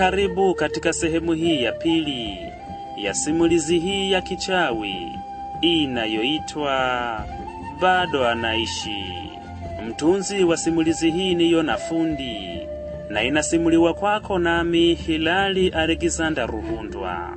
Karibu katika sehemu hii ya pili ya simulizi hii ya kichawi inayoitwa Bado Anaishi. Mtunzi wa simulizi hii ni Yona Fundi na inasimuliwa kwako nami Hilali Alexander Ruhundwa.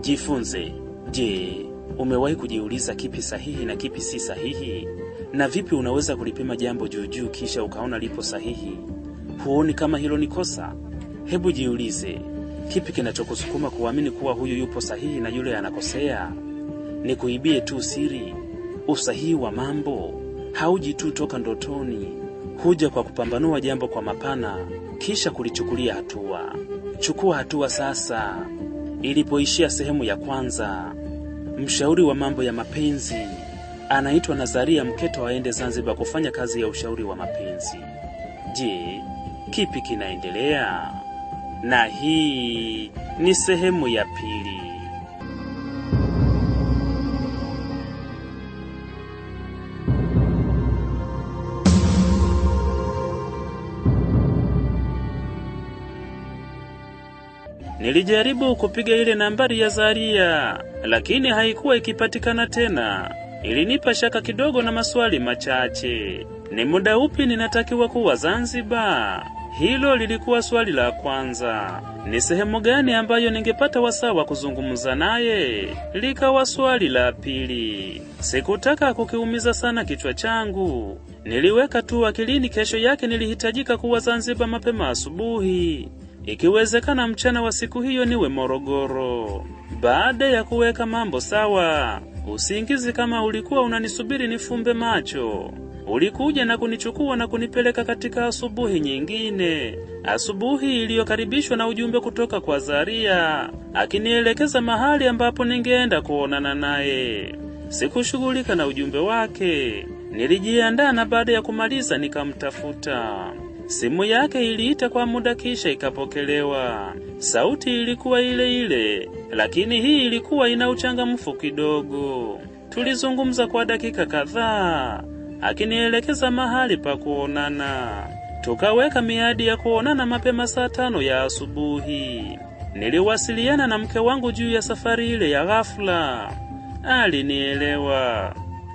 Jifunze. Je, umewahi kujiuliza kipi sahihi na kipi si sahihi? Na vipi unaweza kulipima jambo juujuu kisha ukaona lipo sahihi? Huoni kama hilo ni kosa? Hebu jiulize, kipi kinachokusukuma kuamini kuwa huyu yupo sahihi na yule anakosea? Ni kuibie tu siri. Usahihi wa mambo hauji tu toka ndotoni, huja kwa kupambanua jambo kwa mapana, kisha kulichukulia hatua. Chukua hatua sasa. Ilipoishia sehemu ya kwanza, mshauri wa mambo ya mapenzi anaitwa Nazaria Mketo aende Zanzibar kufanya kazi ya ushauri wa mapenzi. Je, kipi kinaendelea? Na hii ni sehemu ya pili. Nilijaribu kupiga ile nambari ya Zaria lakini haikuwa ikipatikana tena ilinipa shaka kidogo na maswali machache. Ni muda upi ninatakiwa kuwa Zanzibar? Hilo lilikuwa swali la kwanza. Ni sehemu gani ambayo ningepata wasaa wa kuzungumza naye? Likawa swali la pili. Sikutaka kukiumiza sana kichwa changu, niliweka tu akilini. Kesho yake nilihitajika kuwa Zanzibar mapema asubuhi, ikiwezekana mchana wa siku hiyo niwe Morogoro. Baada ya kuweka mambo sawa, Usingizi kama ulikuwa unanisubiri nifumbe macho, ulikuja na kunichukua na kunipeleka katika asubuhi nyingine, asubuhi iliyokaribishwa na ujumbe kutoka kwa Zaria akinielekeza mahali ambapo ningeenda kuonana naye. Sikushughulika na ujumbe wake, nilijiandaa na baada ya kumaliza nikamtafuta. Simu yake iliita kwa muda kisha ikapokelewa. Sauti ilikuwa ile ile, lakini hii ilikuwa ina uchangamfu kidogo. Tulizungumza kwa dakika kadhaa, akinielekeza mahali pa kuonana. Tukaweka miadi ya kuonana mapema saa tano ya asubuhi. Niliwasiliana na mke wangu juu ya safari ile ya ghafla. Alinielewa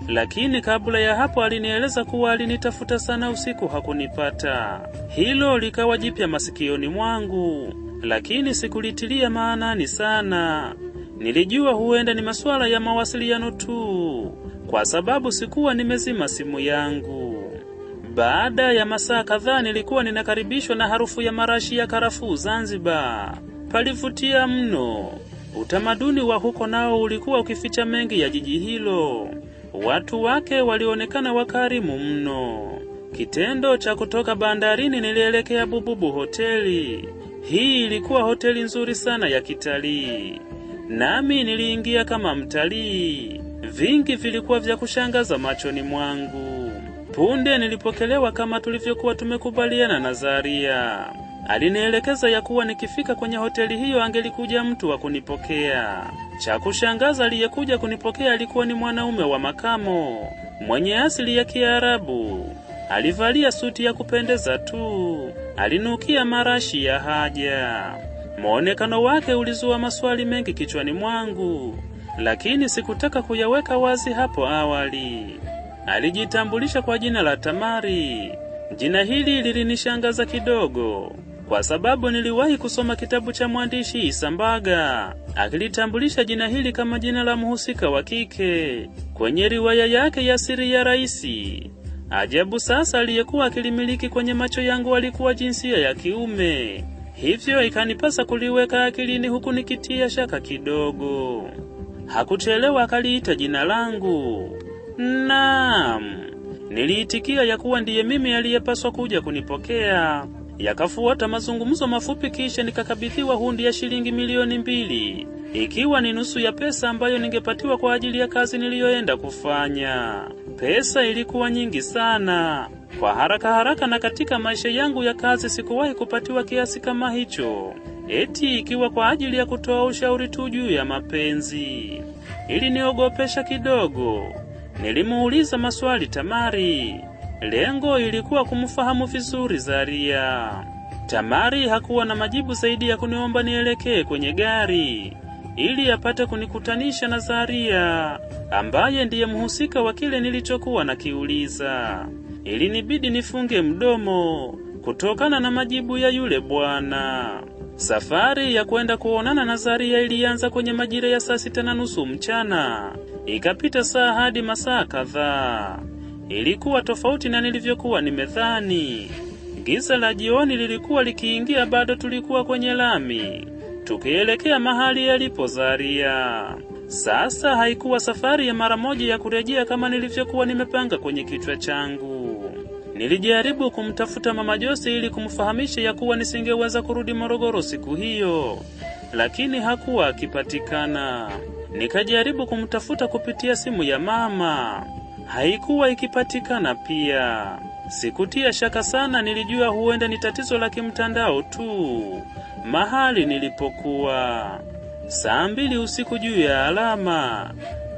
lakini kabla ya hapo alinieleza kuwa alinitafuta sana usiku hakunipata. Hilo likawa jipya masikioni mwangu, lakini sikulitilia maanani sana. Nilijua huenda ni masuala ya mawasiliano tu, kwa sababu sikuwa nimezima simu yangu. Baada ya masaa kadhaa, nilikuwa ninakaribishwa na harufu ya marashi ya karafuu Zanzibar. Palivutia mno. Utamaduni wa huko nao ulikuwa ukificha mengi ya jiji hilo. Watu wake walionekana wakarimu mno. Kitendo cha kutoka bandarini nilielekea Bububu hoteli. Hii ilikuwa hoteli nzuri sana ya kitalii, nami niliingia kama mtalii. Vingi vilikuwa vya kushangaza machoni mwangu. Punde nilipokelewa kama tulivyokuwa tumekubaliana na Zaria. Alinielekeza ya kuwa nikifika kwenye hoteli hiyo angelikuja mtu wa kunipokea. Cha kushangaza, aliyekuja kunipokea alikuwa ni mwanaume wa makamo mwenye asili ya Kiarabu. Alivalia suti ya kupendeza tu, alinukia marashi ya haja. Muonekano wake ulizua maswali mengi kichwani mwangu, lakini sikutaka kuyaweka wazi hapo awali. Alijitambulisha kwa jina la Tamari. Jina hili lilinishangaza kidogo kwa sababu niliwahi kusoma kitabu cha mwandishi Isambaga akilitambulisha jina hili kama jina la mhusika wa kike kwenye riwaya yake ya Siri ya Raisi. Ajabu sasa, aliyekuwa akilimiliki kwenye macho yangu alikuwa jinsia ya kiume, hivyo ikanipasa kuliweka akilini huku nikitia shaka kidogo. Hakuchelewa akaliita jina langu. Naam, niliitikia ya kuwa ndiye mimi aliyepaswa kuja kunipokea. Yakafuata mazungumzo mafupi, kisha nikakabidhiwa hundi ya shilingi milioni mbili, ikiwa ni nusu ya pesa ambayo ningepatiwa kwa ajili ya kazi niliyoenda kufanya. Pesa ilikuwa nyingi sana. Kwa haraka haraka na katika maisha yangu ya kazi sikuwahi kupatiwa kiasi kama hicho, eti ikiwa kwa ajili ya kutoa ushauri tu juu ya mapenzi. Iliniogopesha kidogo. Nilimuuliza maswali Tamari Lengo ilikuwa kumfahamu vizuri Zaria. Tamari hakuwa na majibu zaidi ya kuniomba nielekee kwenye gari ili apate kunikutanisha na Zaria ambaye ndiye mhusika wa kile nilichokuwa nakiuliza. Ilinibidi nifunge mdomo kutokana na majibu ya yule bwana. Safari ya kwenda kuonana na Zaria ilianza kwenye majira ya saa sita na nusu mchana, ikapita saa hadi masaa kadhaa ilikuwa tofauti na nilivyokuwa nimedhani. Giza la jioni lilikuwa likiingia, bado tulikuwa kwenye lami tukielekea mahali yalipo Zaria. Sasa haikuwa safari ya mara moja ya kurejea kama nilivyokuwa nimepanga kwenye kichwa changu. Nilijaribu kumtafuta mama Jose ili kumfahamisha ya kuwa nisingeweza kurudi Morogoro siku hiyo, lakini hakuwa akipatikana. Nikajaribu kumtafuta kupitia simu ya mama haikuwa ikipatikana pia. Sikutia shaka sana, nilijua huenda ni tatizo la kimtandao tu mahali nilipokuwa. Saa mbili usiku juu ya alama,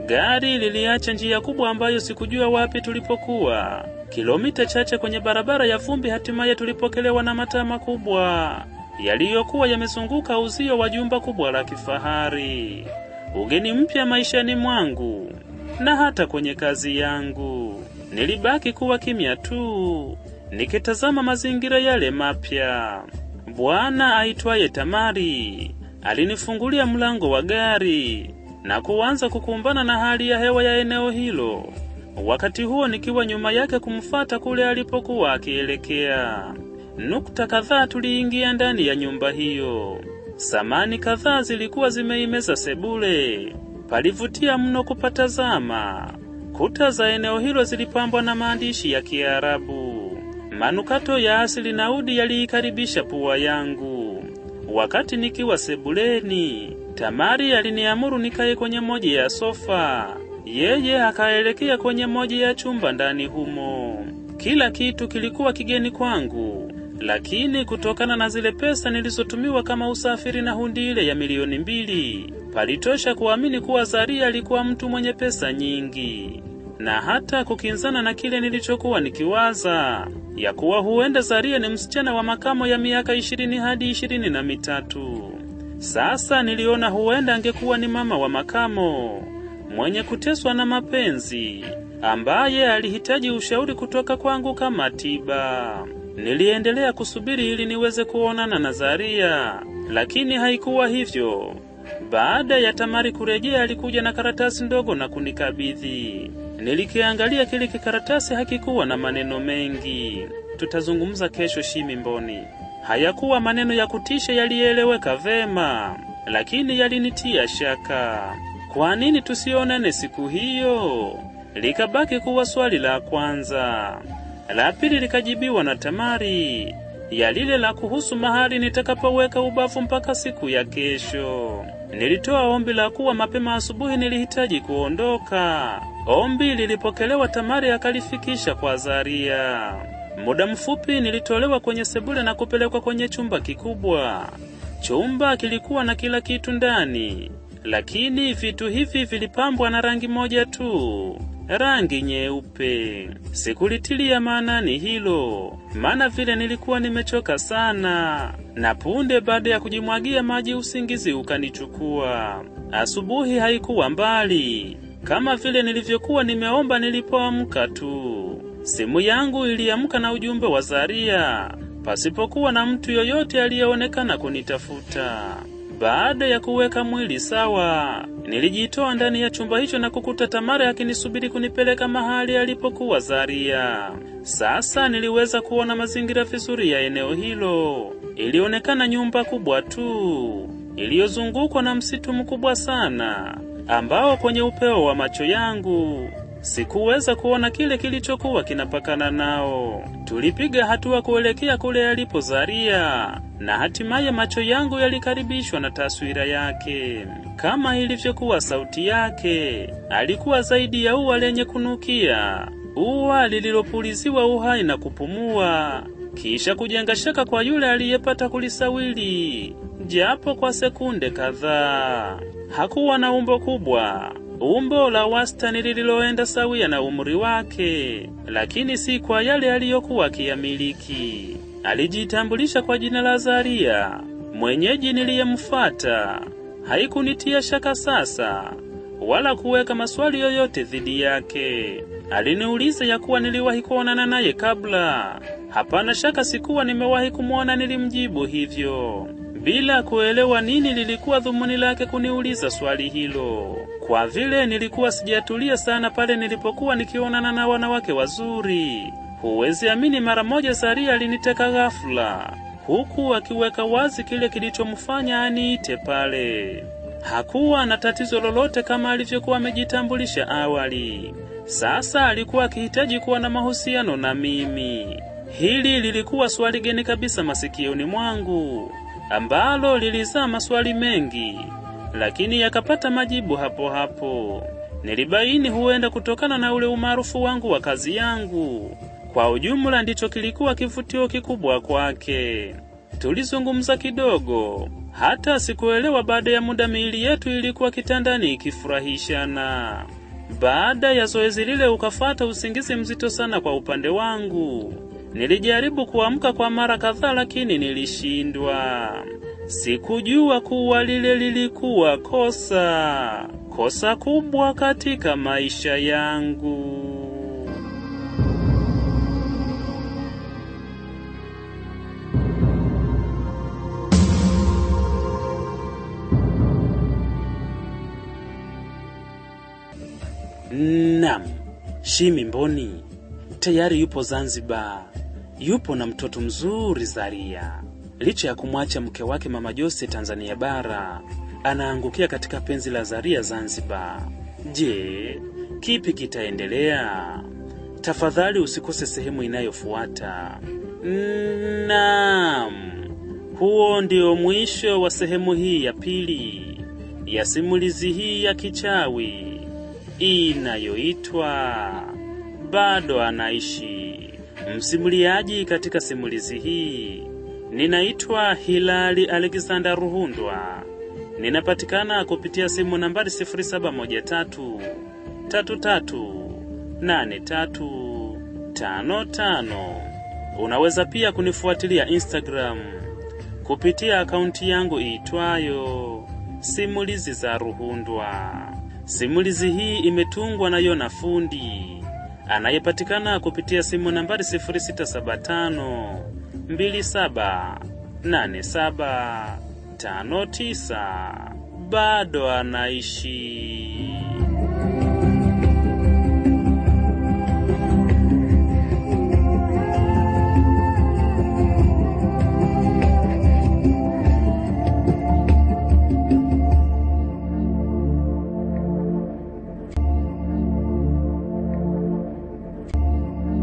gari liliacha njia kubwa ambayo sikujua wapi tulipokuwa. Kilomita chache kwenye barabara ya vumbi, hatimaye tulipokelewa na mataa makubwa yaliyokuwa yamezunguka uzio wa jumba kubwa la kifahari. Ugeni mpya maishani mwangu na hata kwenye kazi yangu. Nilibaki kuwa kimya tu, nikitazama mazingira yale mapya. Bwana aitwaye Tamari alinifungulia mlango wa gari na kuanza kukumbana na hali ya hewa ya eneo hilo, wakati huo nikiwa nyuma yake kumfata kule alipokuwa akielekea. Nukta kadhaa tuliingia ndani ya nyumba hiyo. Samani kadhaa zilikuwa zimeimeza sebule, Palivutia mno kupatazama. Kuta za eneo hilo zilipambwa na maandishi ya Kiarabu. Manukato ya asili na udi yaliikaribisha pua yangu. Wakati nikiwa sebuleni, Tamari aliniamuru nikae kwenye moja ya sofa, yeye akaelekea kwenye moja ya chumba ndani humo. Kila kitu kilikuwa kigeni kwangu, lakini kutokana na zile pesa nilizotumiwa kama usafiri na hundi ile ya milioni mbili palitosha kuamini kuwa Zaria alikuwa mtu mwenye pesa nyingi, na hata kukinzana na kile nilichokuwa nikiwaza ya kuwa huenda Zaria ni msichana wa makamo ya miaka ishirini hadi ishirini na mitatu. Sasa niliona huenda angekuwa ni mama wa makamo mwenye kuteswa na mapenzi ambaye alihitaji ushauri kutoka kwangu kama tiba. Niliendelea kusubiri ili niweze kuonana na Zaria, lakini haikuwa hivyo. Baada ya Tamari kurejea, alikuja na karatasi ndogo na kunikabidhi. Nilikiangalia kile kikaratasi, hakikuwa na maneno mengi. Tutazungumza kesho, Shimi Mboni. Hayakuwa maneno ya kutisha yalieleweka vema, lakini yalinitia shaka. Kwa nini tusionane siku hiyo? Likabaki kuwa swali la kwanza. La pili likajibiwa na Tamari, ya lile la kuhusu mahali nitakapoweka ubavu mpaka siku ya kesho. Nilitoa ombi la kuwa mapema asubuhi nilihitaji kuondoka. Ombi lilipokelewa, Tamari akalifikisha kwa Azaria. Muda mfupi nilitolewa kwenye sebule na kupelekwa kwenye chumba kikubwa. Chumba kilikuwa na kila kitu ndani, lakini vitu hivi vilipambwa na rangi moja tu rangi nyeupe. Sikulitilia maanani hilo, maana vile nilikuwa nimechoka sana, na punde baada ya kujimwagia maji usingizi ukanichukua. Asubuhi haikuwa mbali, kama vile nilivyokuwa nimeomba nilipoamka tu. Simu yangu iliamka na ujumbe wa Zaria, pasipokuwa na mtu yoyote aliyeonekana kunitafuta. Baada ya kuweka mwili sawa, Nilijitoa ndani ya chumba hicho na kukuta Tamara akinisubiri kunipeleka mahali alipokuwa Zaria. Sasa niliweza kuona mazingira vizuri ya eneo hilo. Ilionekana nyumba kubwa tu iliyozungukwa na msitu mkubwa sana ambao kwenye upeo wa macho yangu sikuweza kuona kile kilichokuwa kinapakana nao. Tulipiga hatua kuelekea kule alipo Zaria, na hatimaye macho yangu yalikaribishwa na taswira yake kama ilivyokuwa sauti yake. Alikuwa zaidi ya ua lenye kunukia, ua lililopuliziwa uhai na kupumua, kisha kujenga shaka kwa yule aliyepata kulisawili japo kwa sekunde kadhaa. Hakuwa na umbo kubwa, umbo la wastani lililoenda sawia na umri wake, lakini si kwa yale aliyokuwa akiyamiliki. Alijitambulisha kwa jina la Zaria, mwenyeji niliyemfuata haikunitia shaka sasa, wala kuweka maswali yoyote dhidi yake. Aliniuliza ya kuwa niliwahi kuonana naye kabla. Hapana shaka sikuwa nimewahi kumwona, nilimjibu hivyo bila kuelewa nini lilikuwa dhumuni lake kuniuliza swali hilo, kwa vile nilikuwa sijatulia sana pale nilipokuwa nikionana na wanawake wazuri. Huwezi amini, mara moja Saria aliniteka ghafla huku akiweka wazi kile kilichomfanya aniite pale. Hakuwa na tatizo lolote kama alivyokuwa amejitambulisha awali. Sasa alikuwa akihitaji kuwa na mahusiano na mimi. Hili lilikuwa swali geni kabisa masikioni mwangu, ambalo lilizaa maswali mengi, lakini yakapata majibu hapo hapo. Nilibaini huenda kutokana na ule umaarufu wangu wa kazi yangu kwa ujumla ndicho kilikuwa kivutio kikubwa kwake. Tulizungumza kidogo, hata sikuelewa. Baada ya muda miili yetu ilikuwa kitandani ikifurahishana. Baada ya zoezi lile ukafata usingizi mzito sana kwa upande wangu. Nilijaribu kuamka kwa mara kadhaa, lakini nilishindwa. Sikujua kuwa lile lilikuwa kosa, kosa kubwa katika maisha yangu. nam Shimi Mboni tayari yupo Zanzibar, yupo na mtoto mzuri Zaria. Licha ya kumwacha mke wake Mama Jose Tanzania bara, anaangukia katika penzi la Zaria Zanzibar. Je, kipi kitaendelea? Tafadhali usikose sehemu inayofuata. nam huo ndio mwisho wa sehemu hii ya pili ya simulizi hii ya kichawi inayoitwa bado anaishi. Msimuliaji katika simulizi hii ninaitwa Hilali Alexander Ruhundwa, ninapatikana kupitia simu nambari 0713 5. Unaweza pia kunifuatilia Instagram kupitia akaunti yangu iitwayo Simulizi za Ruhundwa. Simulizi hii imetungwa na Yona Fundi anayepatikana kupitia simu nambari 0675 27 87 Bado anaishi.